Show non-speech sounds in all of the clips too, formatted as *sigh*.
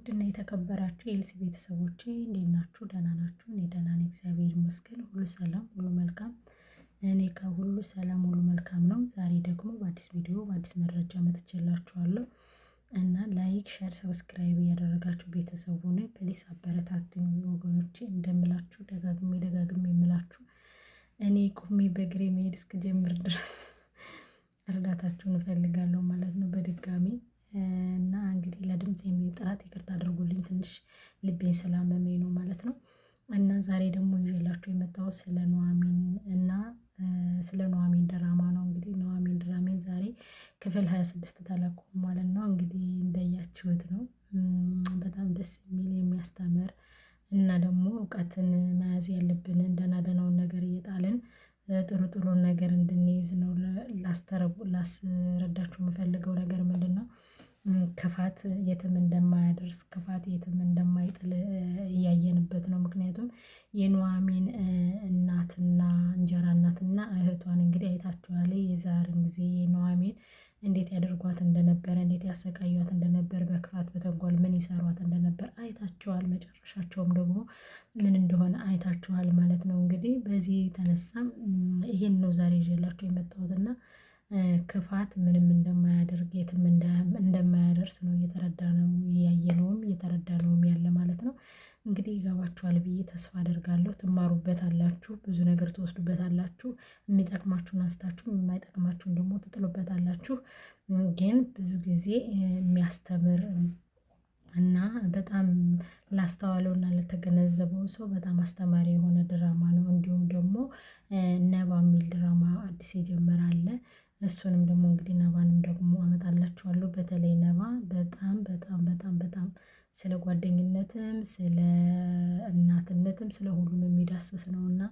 ውድና የተከበራችሁ የኤልሲ ቤተሰቦቼ እንዴት ናችሁ? ደህና ናችሁ? እኔ ደህና ነኝ፣ እግዚአብሔር ይመስገን። ሁሉ ሰላም፣ ሁሉ መልካም። እኔ ከሁሉ ሰላም፣ ሁሉ መልካም ነው። ዛሬ ደግሞ በአዲስ ቪዲዮ በአዲስ መረጃ መጥቼላችኋለሁ እና ላይክ፣ ሸር፣ ሰብስክራይብ እያደረጋችሁ ቤተሰቡ ነው ፕሊስ አበረታቱኝ ወገኖቼ። እንደምላችሁ ደጋግሜ ደጋግሜ የምላችሁ እኔ ቁሜ በእግሬ መሄድ እስክጀምር ድረስ እርዳታችሁን እፈልጋለሁ ማለት ነው በድጋሜ እና እንግዲህ ለድምፅ የሚል ጥራት ይቅርታ አድርጉልኝ ትንሽ ልቤን ስላመመኝ ነው ማለት ነው። እና ዛሬ ደግሞ ይዤላችሁ የመጣው ስለ ኑሐሚን እና ስለ ኑሐሚን ድራማ ነው። እንግዲህ ኑሐሚን ድራሜን ዛሬ ክፍል ሀያ ስድስት ተለቋል ማለት ነው። እንግዲህ እንደያችሁት ነው በጣም ደስ የሚል የሚያስተምር እና ደግሞ እውቀትን መያዝ ያለብንን ደህና ደህናውን ነገር እየጣልን ጥሩ ጥሩን ነገር እንድንይዝ ነው ላስተረቡ ላስረዳችሁ የምፈልገው ነገር ምንድን ነው? ክፋት የትም እንደማያደርስ ክፋት የትም እንደማይጥል እያየንበት ነው። ምክንያቱም የኑሐሚን እናትና እንጀራ እናትና እህቷን እንግዲህ አይታችኋል። የዛሬን ጊዜ የኑሐሚን እንዴት ያደርጓት እንደነበረ እንዴት ያሰቃዩት እንደነበር በክፋት በተንኮል ምን ይሰሯት እንደነበር አይታችኋል። መጨረሻቸውም ደግሞ ምን እንደሆነ አይታችኋል ማለት ነው። እንግዲህ በዚህ ተነሳም ይሄን ነው ዛሬ ይዤላችሁ የመጣሁትና ክፋት ምንም እንደማያደርግ የትም እንደማያደርስ ነው እየተረዳ ነውም እያየነውም ነውም ያለ ማለት ነው። እንግዲህ ይገባችኋል ብዬ ተስፋ አደርጋለሁ። አላችሁ፣ ብዙ ነገር አላችሁ። የሚጠቅማችሁን አንስታችሁ የማይጠቅማችሁን ደግሞ ትጥሉበታላችሁ። ግን ብዙ ጊዜ የሚያስተምር እና በጣም ላስተዋለው እና ለተገነዘበው ሰው በጣም አስተማሪ የሆነ ድራማ ነው። እንዲሁም ደግሞ ነባ የሚል ድራማ አዲስ የጀመረ አለ እሱንም ደግሞ እንግዲህ ነባንም ደግሞ አመጣላችኋለሁ። በተለይ ነባ በጣም በጣም በጣም በጣም ስለ ጓደኝነትም ስለ እናትነትም ስለ ሁሉም የሚዳስስ ነውና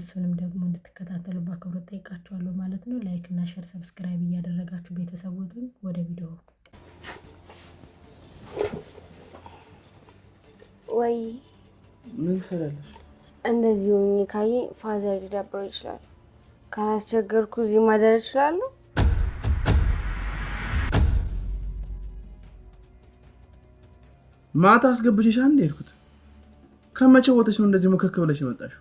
እሱንም ደግሞ እንድትከታተሉ በአክብሮት ጠይቃችኋለሁ ማለት ነው። ላይክ እና ሸር ሰብስክራይብ እያደረጋችሁ ቤተሰቡን ወደ ቪዲዮ ወይ ምን ስላለሽ እንደዚህ ሆኜ ካየ ፋዘር ሊዳብረው ይችላል። ካላስቸገርኩ እዚህ ማደር እችላለሁ። ማታ አስገብቼሽ አንድ ሄድኩት። ከመቼ ወተሽ ነው እንደዚህ ሞከክ ብለሽ የመጣሽው?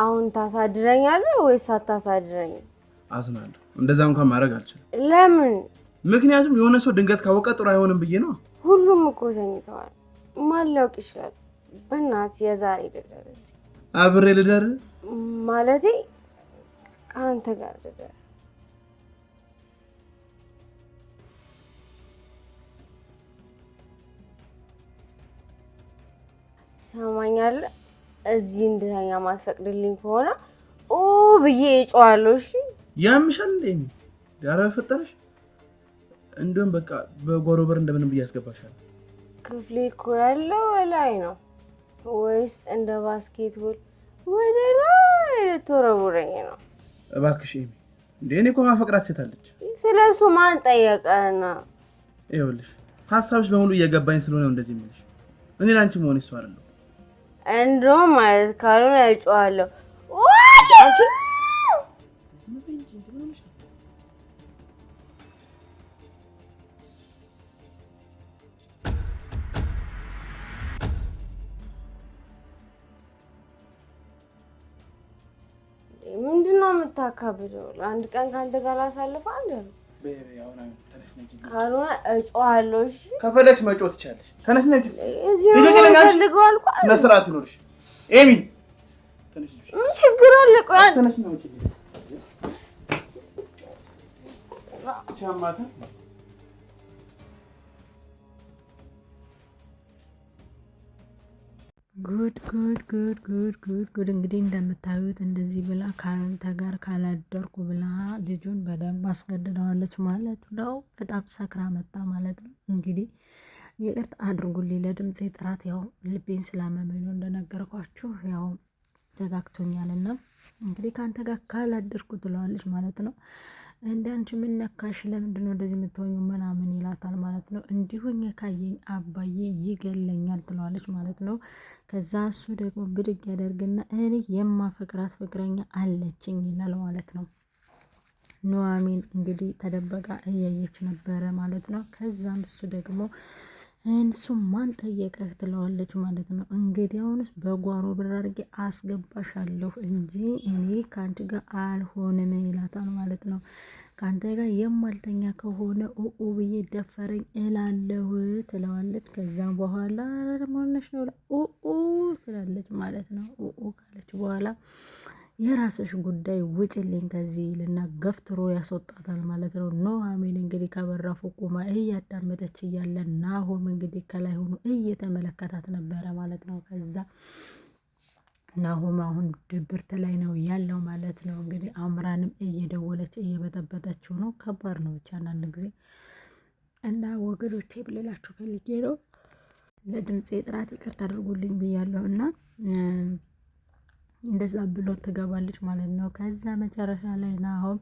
አሁን ታሳድረኛለህ ወይስ አታሳድረኝ? አዝናለሁ። እንደዛ እንኳን ማድረግ አልችልም። ለምን? ምክንያቱም የሆነ ሰው ድንገት ካወቀ ጥሩ አይሆንም ብዬ ነው። ሁሉም እኮ ተኝተዋል። ማን ሊያውቅ ይችላል? በእናትህ የዛሬ ልደር፣ አብሬ ልደር ማለቴ ከአንተ ጋር ልደር። ትሰማኛለህ? እዚህ እንድተኛ ማስፈቅድልኝ ከሆነ ኦ ብዬ እጮዋለሁ። እሺ ያምሻል እንዴ? ፈጠረሽ። እንዲሁም በቃ በጓሮ በር እንደምንም ብዬ ያስገባሻል። ክፍሌ እኮ ያለው ላይ ነው ወይስ እንደ ባስኬትቦል ወደ ላይ ልትወረውረኝ ነው? እባክሽ ኤሚ እንደ እኔ እኮ ማፈቅራት ሴት አለች። ስለ እሱ ማን ጠየቀን? ይኸውልሽ ሀሳብሽ በሙሉ እየገባኝ ስለሆነ እንደዚህ የሚልሽ እኔ ለአንቺ መሆን ማለት ካልሆነ ምንድን ነው የምታካብደው? አንድ ቀን ከአንተ ጋር አሳልፈ አንድ ነው። ካልሆነ እጮሃለሁ። ከፈለግሽ መጮት ትቻለሽ። ተነሽ ነጂ ፈልገው አልኩ መስራት ይኖርሽ ኤሚ ምን ችግር አለ? ቆይ ተነሽ ነው ጉድ ጉድ ጉድ ጉድ ጉድ ጉድ እንግዲህ እንደምታዩት እንደዚህ ብላ ካንተ ጋር ካላደርኩ ብላ ልጁን በደንብ አስገድደዋለች ማለት ነው። በጣም ሰክራ መጣ ማለት ነው። እንግዲህ ይቅርታ አድርጉልኝ ለድምፅ ጥራት ያው ልቤን ስላመመኝ ነው እንደነገርኳችሁ ያው ዘጋግቶኛልና እንግዲህ ከአንተ ጋር ካላደርኩ ትለዋለች ማለት ነው። እንዳንቺ ምን ነካሽ? ለምንድን ነው እንደዚህ የምትሆኙ? ምናምን ይላታል ማለት ነው። እንዲሁኝ ካየኝ አባዬ ይገለኛል ትለዋለች ማለት ነው። ከዛ እሱ ደግሞ ብድግ ያደርግና እኔ የማፈቅራት ፍቅረኛ አለችኝ ይላል ማለት ነው። ኑሐሚን እንግዲህ ተደበቃ እያየች ነበረ ማለት ነው። ከዛም እሱ ደግሞ እንሱ ማን ጠየቀህ ትለዋለች ማለት ነው። እንግዲህ አሁንስ በጓሮ ብር አድርጌ አስገባሻለሁ እንጂ እኔ ከአንቺ ጋር አልሆንም ይላታል ማለት ነው። ከአንተ ጋር የማልተኛ ከሆነ ኡኡ ብዬ ደፈረኝ እላለሁ ትለዋለች። ከዛም በኋላ ማነሽ ነው ኡኡ ትላለች ማለት ነው። ኡኡ ካለች በኋላ የራስሽ ጉዳይ ውጭልኝ ከዚህ ይልና ገፍትሮ ያስወጣታል ማለት ነው። ኑሃሚን እንግዲህ ከበራፉ ቁማ እያዳመጠች እያለ ናሆም እንግዲህ ከላይ ሆኖ እየተመለከታት ነበረ ማለት ነው። ከዛ ናሆም አሁን ድብርት ላይ ነው ያለው ማለት ነው። እንግዲህ አምራንም እየደወለች እየበጠበጠችው ነው። ከባድ ነው ብቻ አንዳንድ ጊዜ እና ወገኖቼ ብልላችሁ ፈልጌ ነው ለድምፄ ጥራት ይቅርታ አድርጉልኝ ብያለሁ እና እንደዛ ብሎ ትገባለች ማለት ነው። ከዛ መጨረሻ ላይ ናሆም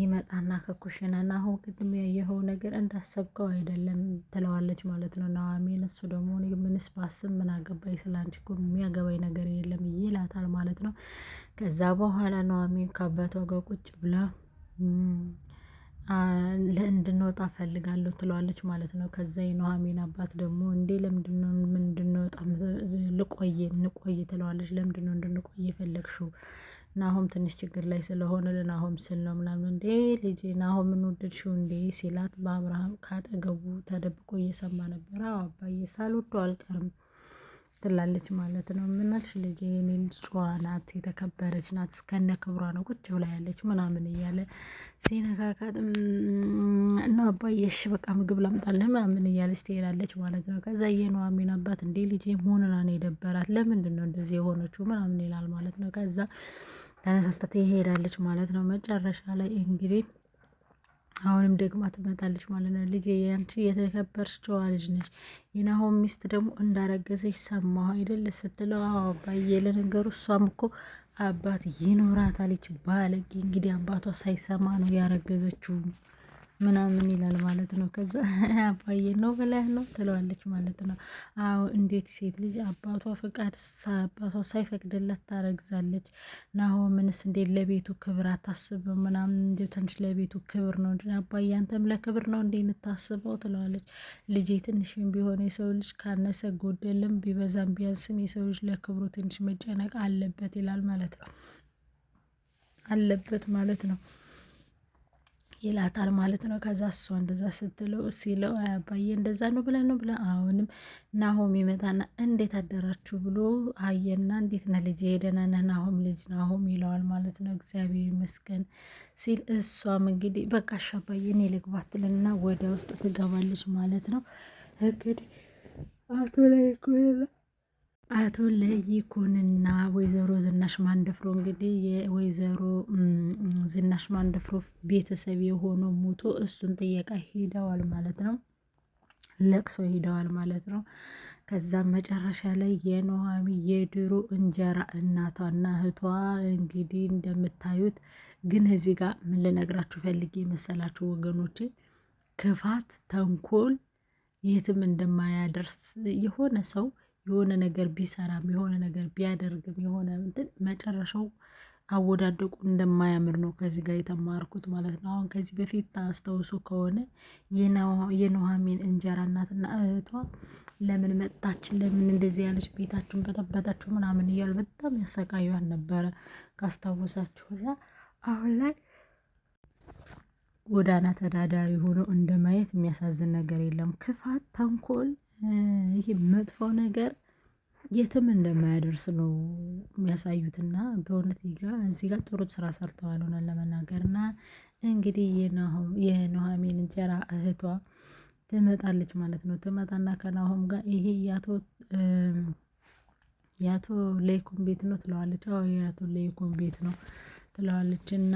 ይመጣና ከኩሽና ናሆም ቅድም ያየኸው ነገር እንዳሰብከው አይደለም ትለዋለች ማለት ነው። ኑሐሚን እሱ ደግሞ ምንስ ባስብ ምን አገባኝ ስላንቺ እኮ የሚያገባኝ ነገር የለም ይላታል ማለት ነው። ከዛ በኋላ ኑሐሚን ከአባቷ ጋር ቁጭ ብላ እንድንወጣ ፈልጋለሁ ትለዋለች ማለት ነው። ከዛ የኑሃሚን አባት ደግሞ እንዴ ለምንድነው እንድንወጣ ልቆይ እንቆይ ትለዋለች ለምንድነው እንድንቆይ የፈለግሽው? ናሆም ትንሽ ችግር ላይ ስለሆነ ለናሆም ስል ነው ምናምን እንዴ ልጄ ናሆምን ወደድሽው እንዴ ሲላት በአብርሃም ካጠገቡ ተደብቆ እየሰማ ነበረ። አባዬ ሳልወደው አልቀርም ትላለች ማለት ነው። ምናልሽ ልጅ የኔ ጨዋ ናት፣ የተከበረች ናት፣ እስከነ ክብሯ ነው ቁጭ ብላ ያለች ምናምን እያለ ሲነካካት እና አባዬሽ በቃ ምግብ ላምጣልህ ምናምን እያለች ትሄዳለች ማለት ነው። ከዛ የኑሐሚን አባት እንዴ ልጅ መሆንና ነው የደበራት ለምንድን ነው እንደዚህ የሆነችው ምናምን ይላል ማለት ነው። ከዛ ተነሳስታ ትሄዳለች ማለት ነው። መጨረሻ ላይ እንግዲህ አሁንም ደግማ ትመጣለች ማለት ነው። ልጅ ያንቺ የተከበርሽ ጨዋ ልጅ ነች፣ የናሆም ሚስት ደግሞ እንዳረገዘች ሰማ አይደል ስትለው፣ አባዬ ለነገሩ እሷም እኮ አባት ይኖራታል። ይች ባለጌ እንግዲህ አባቷ ሳይሰማ ነው ያረገዘችው። ምናምን ይላል ማለት ነው። ከዛ አባዬ ነው ብለህ ነው ትለዋለች ማለት ነው። አዎ እንዴት ሴት ልጅ አባቷ ፍቃድ አባቷ ሳይፈቅድለት ታረግዛለች። ናሆ ምንስ እንዴት ለቤቱ ክብር አታስብም? ምናምን እንዲ ትንሽ ለቤቱ ክብር ነው እንጂ አባዬ አንተም ለክብር ነው እንዴ የምታስበው? ትለዋለች ልጄ። ትንሽም ቢሆን የሰው ልጅ ካነሰ ጎደልም ቢበዛም ቢያንስም የሰው ልጅ ለክብሩ ትንሽ መጨነቅ አለበት ይላል ማለት ነው። አለበት ማለት ነው። ይላታል ማለት ነው። ከዛ እሷ እንደዛ ስትለው ሲለው አባዬ እንደዛ ነው ብለን ነው ብለን አሁንም ናሆም ይመጣና እንዴት አደራችሁ ብሎ አየና እንዴት ነህ ልጅ ሄደናነ ናሆም ልጅ ናሆም ይለዋል ማለት ነው። እግዚአብሔር ይመስገን ሲል እሷም እንግዲህ በቃ እሺ አባዬ እኔ ልግባ ትልና ወደ ውስጥ ትገባለች ማለት ነው። እንግዲህ አቶ ላይ ኮላ አቶ ለይኩንና ወይዘሮ ዝናሽ ማንደፍሮ እንግዲህ የወይዘሮ ዝናሽ ማንደፍሮ ቤተሰብ የሆነ ሙቶ እሱን ጥየቃ ሄደዋል ማለት ነው። ለቅሶ ሄደዋል ማለት ነው። ከዛም መጨረሻ ላይ የኑሃሚ የድሮ እንጀራ እናቷና እህቷ እንግዲህ እንደምታዩት ግን እዚህ ጋር ምን ልነግራችሁ ፈልጌ መሰላችሁ ወገኖቼ፣ ክፋት፣ ተንኮል የትም እንደማያደርስ የሆነ ሰው የሆነ ነገር ቢሰራም የሆነ ነገር ቢያደርግም የሆነ እንትን መጨረሻው አወዳደቁ እንደማያምር ነው ከዚህ ጋር የተማርኩት ማለት ነው። አሁን ከዚህ በፊት ታስታውሱ ከሆነ የኑሃሚን እንጀራ እናትና እህቷ ለምን መጣችን፣ ለምን እንደዚህ ያለች ቤታችሁን በጠበጣችሁ ምናምን እያሉ በጣም ያሰቃዩን ነበረ ካስታወሳችሁና፣ አሁን ላይ ጎዳና ተዳዳሪ ሆኖ እንደማየት የሚያሳዝን ነገር የለም። ክፋት፣ ተንኮል ይህ መጥፎ ነገር የትም እንደማያደርስ ነው የሚያሳዩትና በእውነት እዚህ ጋር ጥሩ ስራ ሰርተዋል። ሆነን ለመናገር እና እንግዲህ የኑሐሚን እንጀራ እህቷ ትመጣለች ማለት ነው። ትመጣና ከናሆም ጋር ይሄ የአቶ የአቶ ለይኩን ቤት ነው ትለዋለች። አዎ የአቶ ለይኩን ቤት ነው ትለዋለች። እና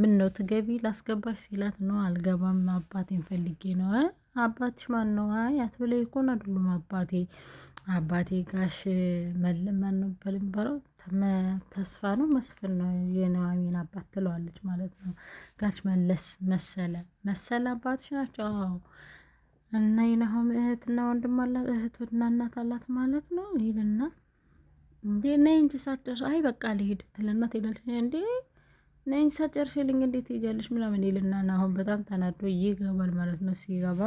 ምን ነው ትገቢ ላስገባሽ ሲላት ነው አልገባም አባቴን ፈልጌ ነው አባትሽ ማን ነው? አይ አቶ ላይ ኮን አይደሉም አባቴ አባቴ ጋሽ መልመን ነው በሚባለው ተስፋ ነው መስፍን ነው የኑሐሚን አባት ትለዋለች ማለት ነው። ጋሽ መለስ መሰለ መሰለ አባትሽ ናቸው። አዎ እና የናሆም እህትና ወንድም አላት እህትና እናት አላት ማለት ነው። ይልና እንዴ ነይ እንጂ ሳትደርስ አይ በቃ ልሂድ ትልና ትሄዳለች እንዴ ነኝ ሳጨርሽ ልኝ እንዴት ትሄጃለሽ ምናምን ይልና ናሆም በጣም ተናዶ ይገባል ማለት ነው። ሲገባ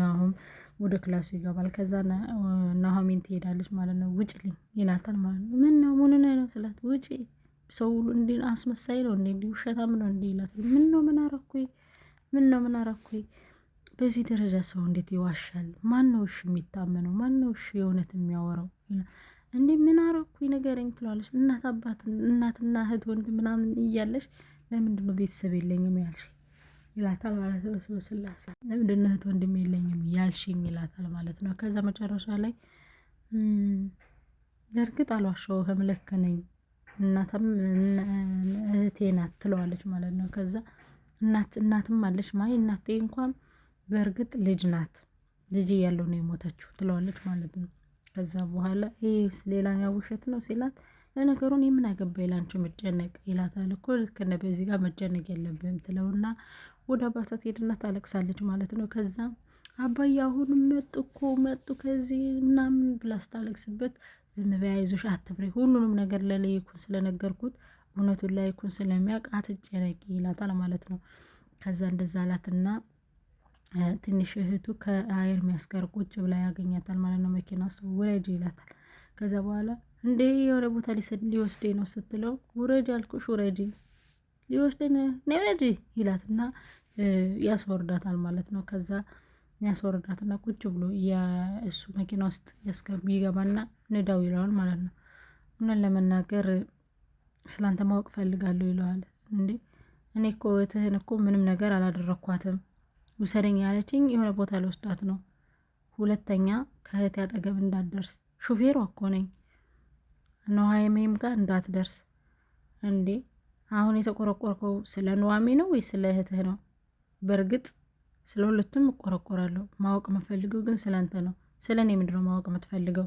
ናሆም ወደ ክላሱ ይገባል። ከዛ ናሆሜን ትሄዳለች ማለት ነው። ውጭ ልኝ ይላታል ማለት ነው። ምን ነው ምን ነው ስላት ውጭ ሰው እንዲ አስመሳይ ነው እንዴ እንዲ ውሸታም ነው እንዴ ይላታል። ምን ነው ምን አረኩኝ? ምን ነው ምን አረኩኝ? በዚህ ደረጃ ሰው እንዴት ይዋሻል? ማን ነው እሺ የሚታመነው? ማን ነው እሺ የእውነት የሚያወራው? እንዴ ምን አረኩኝ ንገረኝ ትለዋለች። እናት አባት እናትና እህት ወንድ ምናምን እያለሽ ለምንድን ነው ቤተሰብ የለኝም ያልሽ ይላታል ማለት ነው። ስላሳ ለምንድን ነው እህት ወንድም የለኝም ያልሽኝ ይላታል ማለት ነው። ከዛ መጨረሻ ላይ ለእርግጥ አልዋሸሁህም ልክ ነኝ እናትም እህቴ ናት ትለዋለች ማለት ነው። ከዛ እናት እናትም አለች ማይ እናቴ እንኳን በእርግጥ ልጅ ናት ልጅ እያለው ነው የሞተችው ትለዋለች ማለት ነው። ከዛ በኋላ ይሄ ሌላኛው ውሸት ነው ሲላት ለነገሩን የምን ምን አገባኝ ላንቺ መጨነቅ ይላታል እኮ ልክ እንደ በዚህ ጋር መጨነቅ የለብህም ትለውና ወደ አባቷ ትሄድና ታለቅሳለች ማለት ነው። ከዛ አባዬ አሁን መጡ እኮ መጡ ከዚህ ምናምን ብላ ስታለቅስበት ዝም በይ አይዞሽ አትፍሪ ሁሉንም ነገር ለለይኩን ስለነገርኩት እውነቱን ላይኩን ስለሚያውቅ አትጨነቂ ይላታል ማለት ነው። ከዛ እንደዛ አላትና ትንሽ እህቱ ከኤርሚያስ ጋር ቁጭ ብላ ያገኛታል ማለት ነው። መኪና ውስጥ ውረጅ ይላታል። ከዛ በኋላ እንዴ የሆነ ቦታ ሊወስደኝ ነው ስትለው ውረጅ አልኩሽ ውረጂ ሊወስደኝ ነው ውረጂ ይላትና ያስወርዳታል ማለት ነው። ከዛ ያስወርዳትና ቁጭ ብሎ እሱ መኪና ውስጥ ይገባና ንዳው ይለዋል ማለት ነው። እውነት ለመናገር ስላንተ ማወቅ ፈልጋለሁ ይለዋል። እንዴ እኔ እኮ እህትህን እኮ ምንም ነገር አላደረግኳትም ውሰደኝ ያለችኝ የሆነ ቦታ ልወስዳት ነው። ሁለተኛ ከእህቴ አጠገብ እንዳትደርስ ሹፌሯ እኮ ነኝ ኑሃሚንም ጋር እንዳትደርስ። እንዴ አሁን የተቆረቆርከው ስለ ነዋሜ ነው ወይ ስለ እህትህ ነው? በእርግጥ ስለ ሁለቱም እቆረቆራለሁ። ማወቅ የምፈልገው ግን ስለ አንተ ነው። ስለ እኔ ምንድነው ማወቅ የምትፈልገው?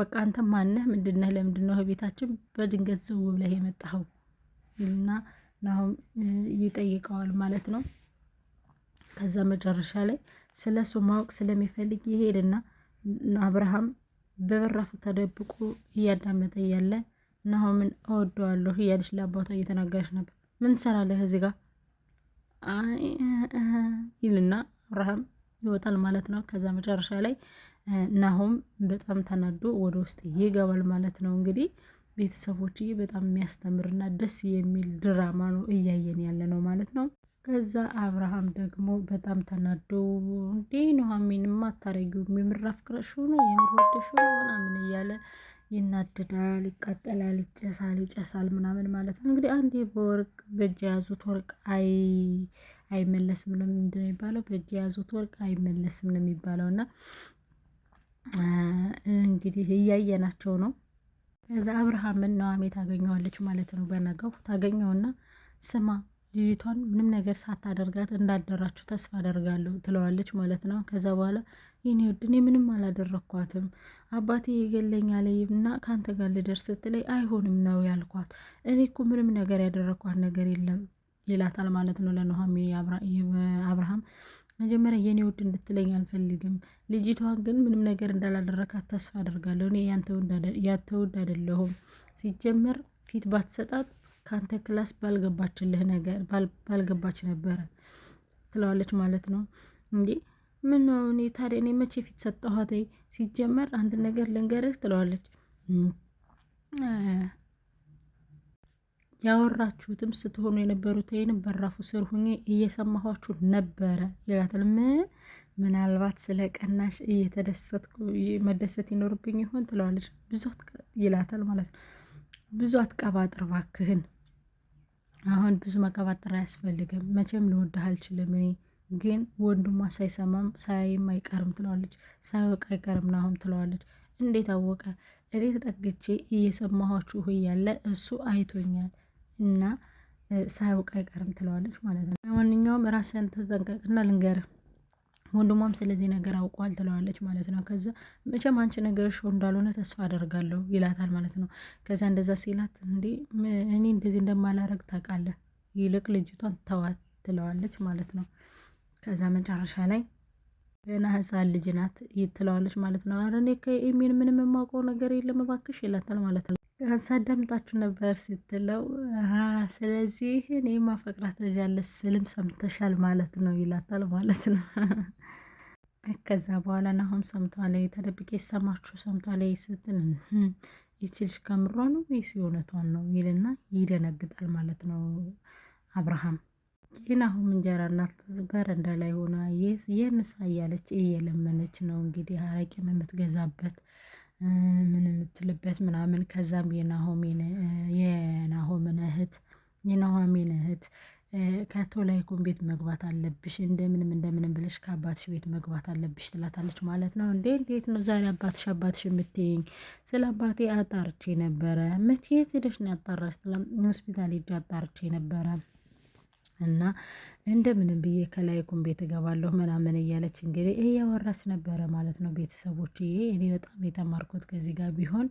በቃ አንተ ማነህ? ምንድነህ? ለምንድነው ቤታችን በድንገት ዘው ብለህ የመጣኸው? እና ናሁም ይጠይቀዋል ማለት ነው። ከዛ መጨረሻ ላይ ስለ እሱ ማወቅ ስለሚፈልግ ይሄድና አብርሃም በበራፉ ተደብቆ እያዳመጠ እያለ ናሆምን እወደዋለሁ እያለች ለአባቷ እየተናገረች ነበር። ምን ትሰራለህ እዚህ ጋ ይልና አብርሃም ይወጣል ማለት ነው። ከዛ መጨረሻ ላይ ናሆም በጣም ተናዶ ወደ ውስጥ ይገባል ማለት ነው። እንግዲህ ቤተሰቦችዬ በጣም የሚያስተምርና ደስ የሚል ድራማ ነው እያየን ያለ ነው ማለት ነው። ከዛ አብርሃም ደግሞ በጣም ተናዶ እንዴ ኑሐሚንማ አታረጊውም፣ የምር አፍቅረሽው ነው የምር ወደሽው ነው ምናምን እያለ ይናደዳል፣ ይቃጠላል፣ ይጨሳል ይጨሳል ምናምን ማለት ነው። እንግዲህ አንዴ በወርቅ በእጅ የያዙት ወርቅ አይመለስም ነው ምንድን ነው የሚባለው? በእጅ የያዙት ወርቅ አይመለስም ነው የሚባለው። እና እንግዲህ እያየናቸው ነው። ከዛ አብርሃምን ነዋሜ ታገኘዋለች ማለት ነው። በነገው ታገኘውና ስማ ልጅቷን ምንም ነገር ሳታደርጋት እንዳደራችሁ ተስፋ አደርጋለሁ ትለዋለች ማለት ነው። ከዛ በኋላ ይህን ውድ እኔ ምንም አላደረግኳትም አባቴ ይገለኛል እና ከአንተ ጋር ልደርስ ስትለይ አይሆንም ነው ያልኳት። እኔ እኮ ምንም ነገር ያደረግኳት ነገር የለም ይላታል ማለት ነው ለኑሃሚ አብርሃም መጀመሪያ የኔ ውድ እንድትለኝ አልፈልግም። ልጅቷን ግን ምንም ነገር እንዳላደረካት ተስፋ አደርጋለሁ። እኔ ያንተ ውድ አይደለሁም። ሲጀመር ፊት ባትሰጣት ከአንተ ክላስ ባልገባችልህ ነገር ባልገባች ነበረ ትለዋለች ማለት ነው። እንዴ ምን ነው እኔ ታዲያ እኔ መቼ ፊት ሰጠኋት? ሲጀመር አንድ ነገር ልንገርህ ትለዋለች። ያወራችሁትም ስትሆኑ የነበሩት ይህንም በራፉ ስር ሁኜ እየሰማኋችሁ ነበረ ይላታል። ምን ምናልባት ስለ ቀናሽ እየተደሰትኩ መደሰት ይኖርብኝ ይሆን ትለዋለች። ብዙ ይላታል ማለት ነው። ብዙ አትቀባጥር እባክህን አሁን ብዙ መቀባጠር አያስፈልግም። መቼም ልወድህ አልችልም እኔ ግን ወንድሟ ሳይሰማም ሳይም አይቀርም ትለዋለች። ሳይወቅ አይቀርም ናሁም ትለዋለች። እንዴት አወቀ? እኔ ተጠግቼ እየሰማኋችሁ እያለ እሱ አይቶኛል እና ሳይወቅ አይቀርም ትለዋለች ማለት ነው። ለማንኛውም ራስን ተጠንቀቅና ልንገርህ ወንድሟም ስለዚህ ነገር አውቋል ትለዋለች ማለት ነው። ከዛ መቼም አንቺ ነገርሽ እንዳልሆነ ተስፋ አደርጋለሁ ይላታል ማለት ነው። ከዛ እንደዛ ሲላት እንዲ እኔ እንደዚህ እንደማላረግ ታውቃለህ፣ ይልቅ ልጅቷን ተዋት ትለዋለች ማለት ነው። ከዛ መጨረሻ ላይ ገና ሕፃን ልጅ ናት ትለዋለች ማለት ነው። ኧረ እኔ ከኤሚን ምንም የማውቀው ነገር የለም እባክሽ ይላታል ማለት ነው። ሳዳምጣችሁ ነበር ስትለው፣ ስለዚህ እኔ ማፈቅራት ልጅ ያለች ስልም ሰምተሻል ማለት ነው ይላታል ማለት ነው። *laughs* ከዛ በኋላ ናሆም ሰምቷል፣ ተደብቄ ሰማችሁ ሰምቷል ስትል ይቺ ልጅ ከምሯ ነው ወይስ የእውነቷን ነው ይልና ይደነግጣል ማለት ነው አብርሃም። የናሆም እንጀራ እናት በረንዳ ላይ ሆና የምሳ እያለች እየለመነች ነው እንግዲህ አረቄ የምትገዛበት ምን የምትልበት ምናምን ከዛም የናሆሜን የናሆምን እህት የናሆሜን እህት ከቶላይኩን ቤት መግባት አለብሽ እንደምንም እንደምንም ብለሽ ከአባትሽ ቤት መግባት አለብሽ ትላታለች ማለት ነው። እንዴ እንዴት ነው ዛሬ አባትሽ አባትሽ የምትይኝ? ስለ አባቴ አጣርቼ ነበረ። መቼ ሄደሽ ነው ያጣራሽ? ሆስፒታል ሄጄ አጣርቼ ነበረ እና እንደምንም ብዬ ከላይ ቁም ቤት እገባለሁ ምናምን እያለች እንግዲህ እያወራች ነበረ ማለት ነው። ቤተሰቦች ይሄ እኔ በጣም የተማርኩት ከዚህ ጋር ቢሆን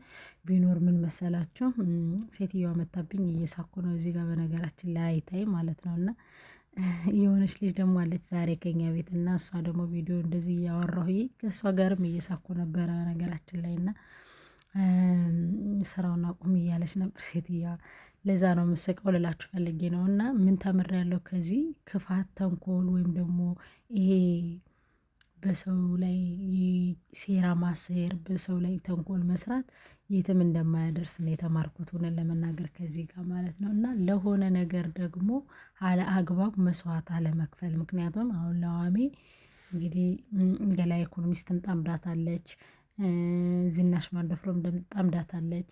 ቢኖር ምን መሰላችሁ? ሴትዮዋ መታብኝ እየሳኩ ነው እዚህ ጋር በነገራችን ላይ አይታይ ማለት ነው። እና የሆነች ልጅ ደግሞ አለች ዛሬ ከኛ ቤት እና እሷ ደግሞ ቪዲዮ እንደዚህ እያወራሁ ከእሷ ጋርም እየሳኩ ነበረ በነገራችን ላይ እና ስራውን አቁም እያለች ነበር ሴትዮዋ ለዛ ነው የምስቀው ልላችሁ ፈልጌ ነው። እና ምን ተምር ያለው ከዚህ ክፋት፣ ተንኮል ወይም ደግሞ ይሄ በሰው ላይ ሴራ ማሰር በሰው ላይ ተንኮል መስራት የትም እንደማያደርስ ነው የተማርኩት፣ ሆነን ለመናገር ከዚህ ጋር ማለት ነው። እና ለሆነ ነገር ደግሞ አለ አግባብ መስዋዕት አለመክፈል። ምክንያቱም አሁን ለዋሜ እንግዲህ ገላ ኢኮኖሚስትም ጠምዳታለች፣ ዝናሽ ማንደፍሮም ጠምዳታለች።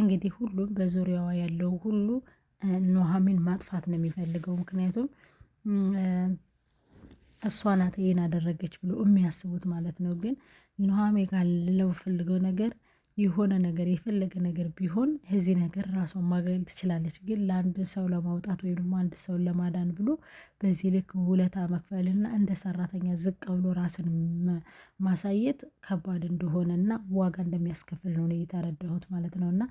እንግዲህ ሁሉም በዙሪያዋ ያለው ሁሉ ኑሐሚን ማጥፋት ነው የሚፈልገው። ምክንያቱም እሷ ናት አደረገች ብሎ የሚያስቡት ማለት ነው። ግን ኑሐሚን ጋር ልለው ነገር የሆነ ነገር የፈለገ ነገር ቢሆን ከዚህ ነገር ራሷን ማግለል ትችላለች። ግን ለአንድ ሰው ለማውጣት ወይም ደግሞ አንድ ሰው ለማዳን ብሎ በዚህ ልክ ውለታ መክፈልና እንደ ሰራተኛ ዝቅ ብሎ ራስን ማሳየት ከባድ እንደሆነና ዋጋ እንደሚያስከፍል ነው የተረዳሁት ማለት ነው። እና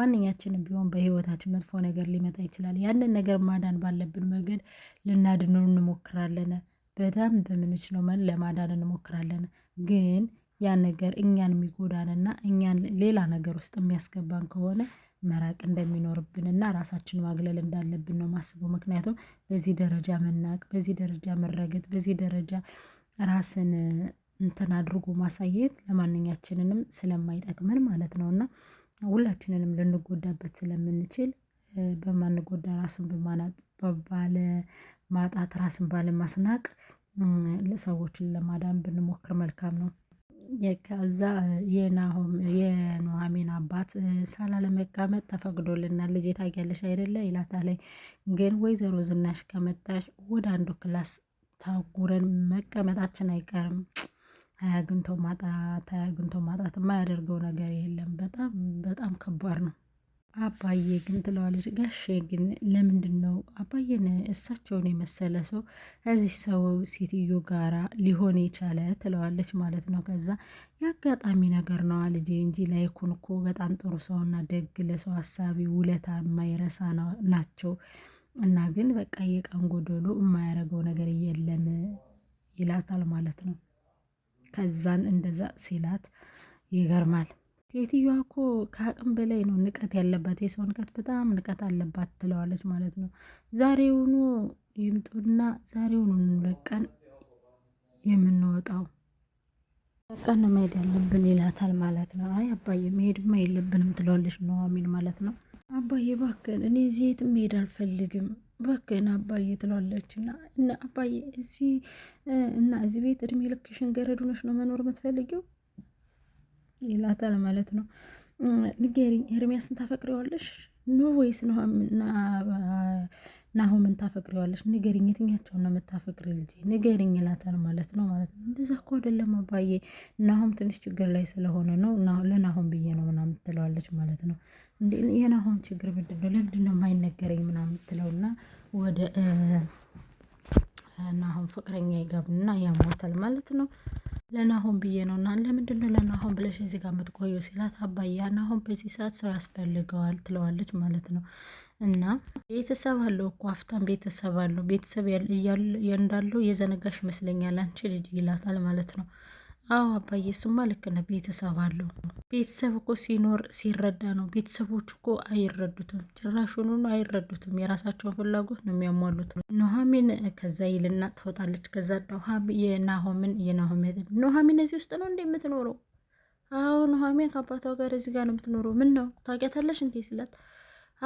ማንኛችንም ቢሆን በህይወታችን መጥፎ ነገር ሊመጣ ይችላል። ያንን ነገር ማዳን ባለብን መንገድ ልናድነው እንሞክራለን። በጣም በምንችለው መን ለማዳን እንሞክራለን ግን ያ ነገር እኛን የሚጎዳንና እኛን ሌላ ነገር ውስጥ የሚያስገባን ከሆነ መራቅ እንደሚኖርብንና ራሳችን ማግለል እንዳለብን ነው ማስበው። ምክንያቱም በዚህ ደረጃ መናቅ በዚህ ደረጃ መረገጥ በዚህ ደረጃ ራስን እንትን አድርጎ ማሳየት ለማንኛችንንም ስለማይጠቅመን ማለት ነው። እና ሁላችንንም ልንጎዳበት ስለምንችል በማንጎዳ ራስን በማናጥ ማጣት ራስን ባለማስናቅ ሰዎችን ለማዳን ብንሞክር መልካም ነው ከዛ የኑሐሚን አባት ሳላ ለመቀመጥ ተፈቅዶልናል ልጄ ታውቂያለሽ አይደለ ይላታለች። ግን ወይዘሮ ዝናሽ ከመጣሽ ወደ አንዱ ክላስ ታጉረን መቀመጣችን አይቀርም። አያግንቶ ማጣት አያግንቶ ማጣት የማያደርገው ነገር የለም። በጣም በጣም ከባድ ነው። አባዬ ግን ትለዋለች። ጋሼ ግን ለምንድን ነው አባዬን እሳቸውን የመሰለ ሰው ከዚህ ሰው ሴትዮ ጋራ ሊሆን የቻለ ትለዋለች ማለት ነው። ከዛ የአጋጣሚ ነገር ነዋ ልጄ እንጂ ላይኩን እኮ በጣም ጥሩ ሰውና ደግ ለሰው ሀሳቢ ውለታ የማይረሳ ናቸው እና ግን በቃ የቀን ጎደሎ ነገር የለም ይላታል ማለት ነው። ከዛን እንደዛ ሲላት ይገርማል። ሴትዮዋ እኮ ከአቅም በላይ ነው ንቀት ያለባት፣ የሰው ንቀት በጣም ንቀት አለባት ትለዋለች ማለት ነው። ዛሬውኑ ይምጡና ዛሬውኑ ለቀን የምንወጣው ለቀን ነው መሄድ ያለብን ይላታል ማለት ነው። አይ አባዬ መሄድማ የለብንም ትለዋለች ኑሐሚን ማለት ነው። አባዬ እባክህን እኔ እዚህ የትም መሄድ አልፈልግም እባክህን አባዬ ትለዋለች እና እና አባዬ እዚህ እና እዚህ ቤት እድሜ ልክሽን ገረድ ሆነሽ ነው መኖር የምትፈልጊው ይላታል ማለት ነው። ንገሪኝ ኤርሚያስን ታፈቅሪዋለሽ ኑ ወይስ ናሆምን ታፈቅሪዋለሽ? ንገሪኝ፣ የትኛቸውን ነው የምታፈቅሪ ልጅ ንገሪኝ ይላታል ማለት ነው ማለት ነው። እንደዛ እኮ አይደለም አባዬ፣ ናሆም ትንሽ ችግር ላይ ስለሆነ ነው ለናሆም ብዬ ነው ምናምን ትለዋለች ማለት ነው። የናሆም ችግር ምንድን ነው? ለምንድን ነው የማይነገረኝ ምናምን ትለውና ወደ ናሆም ፍቅረኛ ይገቡና ያሟታል ማለት ነው። ለናሆን ብዬ ነው እና ለምንድን ነው ለናሆም ብለሽ እዚህ ጋር የምትቆየው ሲላት አባያ ናሆም በዚህ ሰዓት ሰው ያስፈልገዋል ትለዋለች ማለት ነው። እና ቤተሰብ አለው እኮ ሀፍታም ቤተሰብ አለው ቤተሰብ እንዳለው የዘነጋሽ ይመስለኛል አንቺ ልጅ ይላታል ማለት ነው። አዎ አባዬ፣ እሱማ ልክ ነህ። ቤተሰብ አለው። ቤተሰብ እኮ ሲኖር ሲረዳ ነው። ቤተሰቦች እኮ አይረዱትም፣ ጭራሹኑ አይረዱትም። የራሳቸውን ፍላጎት ነው የሚያሟሉት። ኑሐሚን ከዛ ይልና ትወጣለች። ከዛ የናሆምን የናሆምን ኑሐሚን እዚህ ውስጥ ነው እንዴ የምትኖረው? አዎ ኑሐሚን ከአባቷ ጋር እዚህ ጋር ነው የምትኖረው። ምን ነው ታውቂያታለሽ እንዴ ስላት፣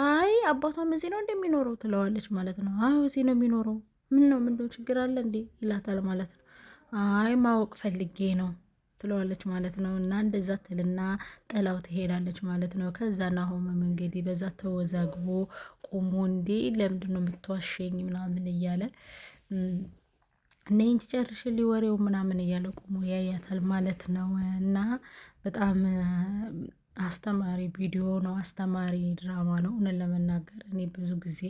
አይ አባቷም እዚህ ነው እንደሚኖረው ትለዋለች ማለት ነው። አዎ እዚህ ነው የሚኖረው። ምን ነው ምንድን ችግር አለ እንዴ ይላታል ማለት ነው። አይ ማወቅ ፈልጌ ነው ትለዋለች ማለት ነው። እና እንደዛ ትልና ጥላው ትሄዳለች ማለት ነው። ከዛ ናሆምም እንግዲህ በዛ ተወዛግቦ ቁሞ እንዴ ለምንድን ነው የምትዋሸኝ ምናምን እያለ እነይን ጨርሽ ሊወሬው ምናምን እያለ ቁሞ ያያታል ማለት ነው። እና በጣም አስተማሪ ቪዲዮ ነው፣ አስተማሪ ድራማ ነው። እውነት ለመናገር እኔ ብዙ ጊዜ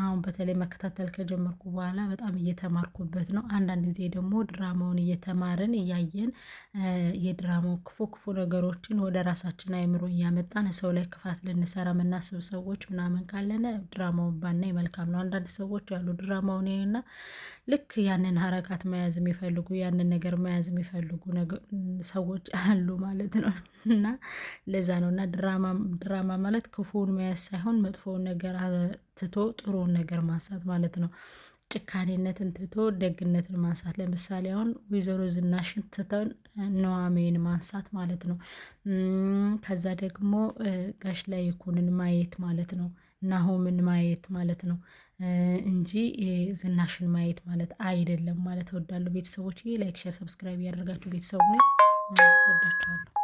አሁን በተለይ መከታተል ከጀመርኩ በኋላ በጣም እየተማርኩበት ነው። አንዳንድ ጊዜ ደግሞ ድራማውን እየተማርን እያየን የድራማው ክፉ ክፉ ነገሮችን ወደ ራሳችን አይምሮ እያመጣን ሰው ላይ ክፋት ልንሰራ ምናስብ ሰዎች ምናምን ካለን ድራማውን ባናይ መልካም ነው። አንዳንድ ሰዎች ያሉ ድራማውን ያዩና ልክ ያንን ሀረካት መያዝ የሚፈልጉ ያንን ነገር መያዝ የሚፈልጉ ሰዎች አሉ ማለት ነው። እና ለዛ ነው እና ድራማ ማለት ክፉውን መያዝ ሳይሆን መጥፎውን ነገር ትቶ ጥሩን ነገር ማንሳት ማለት ነው። ጭካኔነትን ትቶ ደግነትን ማንሳት። ለምሳሌ አሁን ወይዘሮ ዝናሽን ትተን ነዋሜን ማንሳት ማለት ነው። ከዛ ደግሞ ጋሽ ላይ ይኩንን ማየት ማለት ነው። ናሆምን ማየት ማለት ነው እንጂ ዝናሽን ማየት ማለት አይደለም ማለት እወዳለሁ። ቤተሰቦች ላይክ፣ ሸር፣ ሰብስክራይብ ያደርጋችሁ ቤተሰቡ ወዳችኋለሁ።